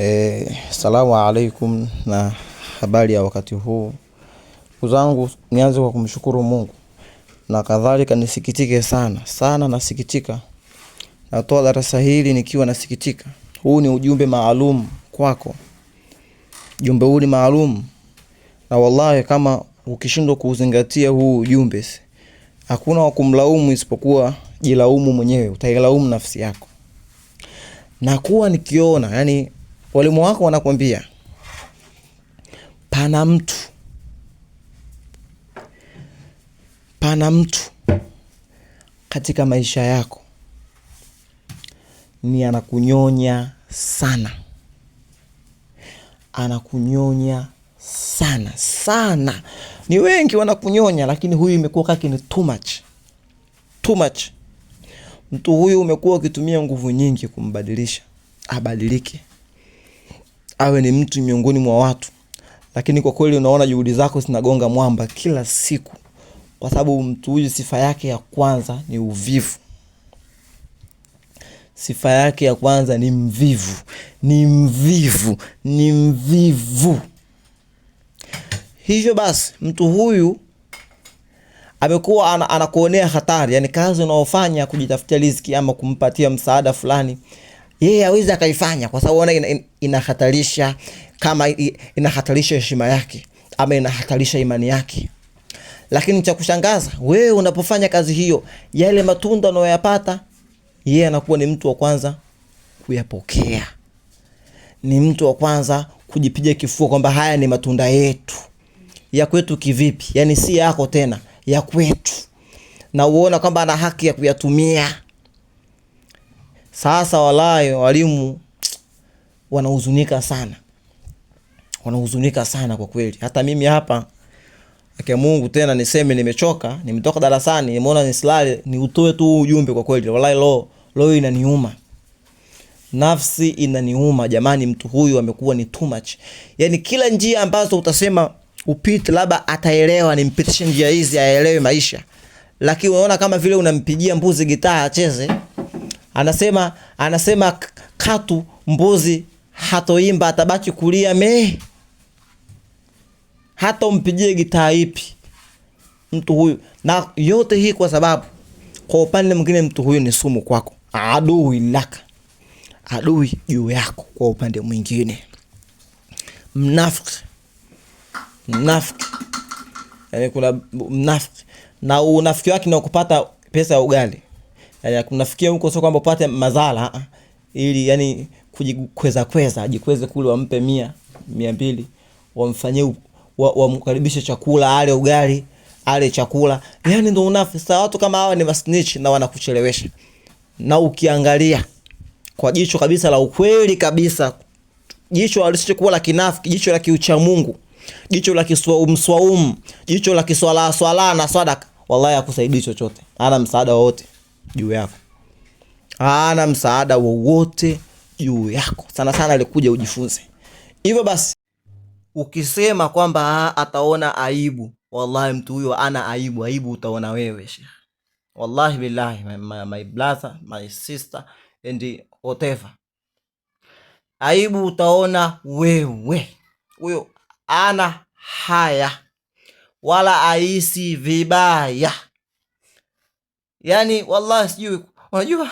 Eh, salamu alaikum na habari ya wakati huu ndugu zangu, nianze kwa kumshukuru Mungu na kadhalika nisikitike sana sana, nasikitika. Natoa darasa hili nikiwa nasikitika. Huu ni ujumbe maalum kwako, jumbe huu ni maalum, na wallahi kama ukishindwa kuuzingatia huu ujumbe, hakuna wa kumlaumu isipokuwa jilaumu mwenyewe, utailaumu nafsi yako. na kuwa nikiona yani walimu wako wanakwambia pana mtu, pana mtu katika maisha yako ni anakunyonya sana, anakunyonya sana sana. Ni wengi wanakunyonya, lakini huyu imekuwa kake ni too much. Too much. Mtu huyu umekuwa ukitumia nguvu nyingi kumbadilisha abadilike awe ni mtu miongoni mwa watu, lakini kwa kweli unaona juhudi zako zinagonga mwamba kila siku, kwa sababu mtu huyu sifa yake ya kwanza ni uvivu. Sifa yake ya kwanza ni mvivu, ni mvivu, ni mvivu. Hivyo basi mtu huyu amekuwa ana, anakuonea hatari, yani kazi unaofanya kujitafutia riziki ama kumpatia msaada fulani yeye aweze akaifanya, kwa sababu ona inahatarisha kama inahatarisha heshima yake ama inahatarisha imani yake. Lakini cha kushangaza, wewe unapofanya kazi hiyo, yale matunda unayoyapata, yeye anakuwa ni mtu wa kwanza kuyapokea, ni mtu wa kwanza kujipiga kifua kwamba haya ni matunda yetu. Ya kwetu kivipi? Yani si yako tena, ya kwetu, na uona kwamba ana haki ya kuyatumia. Sasa walayo walimu wanahuzunika sana, wanahuzunika sana kwa kweli. Hata mimi hapa ake Mungu tena niseme, nimechoka, nimetoka darasani, nimeona nisilale, niutoe tu ujumbe. Kwa kweli walai, lo lo, inaniuma nafsi, inaniuma jamani. Mtu huyu amekuwa ni too much, yani kila njia ambazo utasema upite, labda ataelewa, nimpitishe njia hizi aelewe maisha, lakini unaona kama vile unampigia mbuzi gitaa acheze anasema anasema katu mbuzi hatoimba, atabaki kulia me. Hata umpigie gitaa ipi mtu huyu, na yote hii kwa sababu, kwa upande mwingine, mtu huyu ni sumu kwako, adui laka, adui juu yako. Kwa upande mwingine, mnafiki, mnafiki, yani kuna mnafiki na unafiki wake ni kupata pesa ya ugali Eh, yani kumnafikia huko sio kwamba upate madhara, ah, ili yani kujikweza kweza, ajikweze kule, wampe mia mia mbili, wamfanyie wamkaribishe wa chakula, ale ugali, ale chakula, yani ndio unafi Sasa watu kama hawa ni masnitch na wanakuchelewesha, na ukiangalia kwa jicho kabisa la ukweli kabisa, jicho halisichokuwa la kinafiki, jicho la kiuchamungu, jicho la kiswaumswaumu jicho la kiswala swala na sadaka, wallahi akusaidii chochote, ana msaada wowote juu yako, hana msaada wowote juu yako. Sana sana alikuja ujifunze. Hivyo basi, ukisema kwamba ah, ataona aibu, wallahi mtu huyo ana aibu. Aibu utaona wewe shekhi, wallahi billahi, my, my brother my sister and whatever, aibu utaona wewe. Huyo ana haya wala aisi vibaya yani wallahi sijui, unajua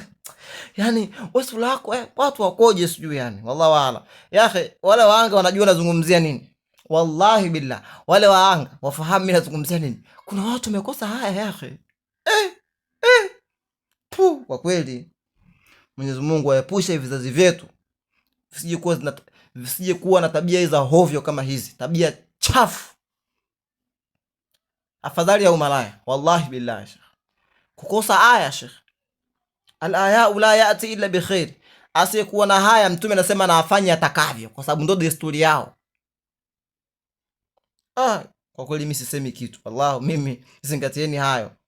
yani wesu lako eh, watu wakoje sijui, yani wallahu aala yahe, wale waanga wanajua nazungumzia nini. Wallahi billah, wale waanga wafahamu mimi nazungumzia nini. Kuna watu wamekosa haya yahe, eh, eh. pu kwa kweli Mwenyezi Mungu aepushe vizazi vyetu visijekuwa na visijekuwa na tabia za hovyo kama hizi, tabia chafu, afadhali ya umalaya. Wallahi billahi kukosa aya shekh. alayau la yati illa bi khair, asiyekuwa na haya mtume anasema na afanye atakavyo, kwa sababu ndo desturi yao. Ah, kwa kweli mimi sisemi kitu, wallahu mimi zingatieni hayo.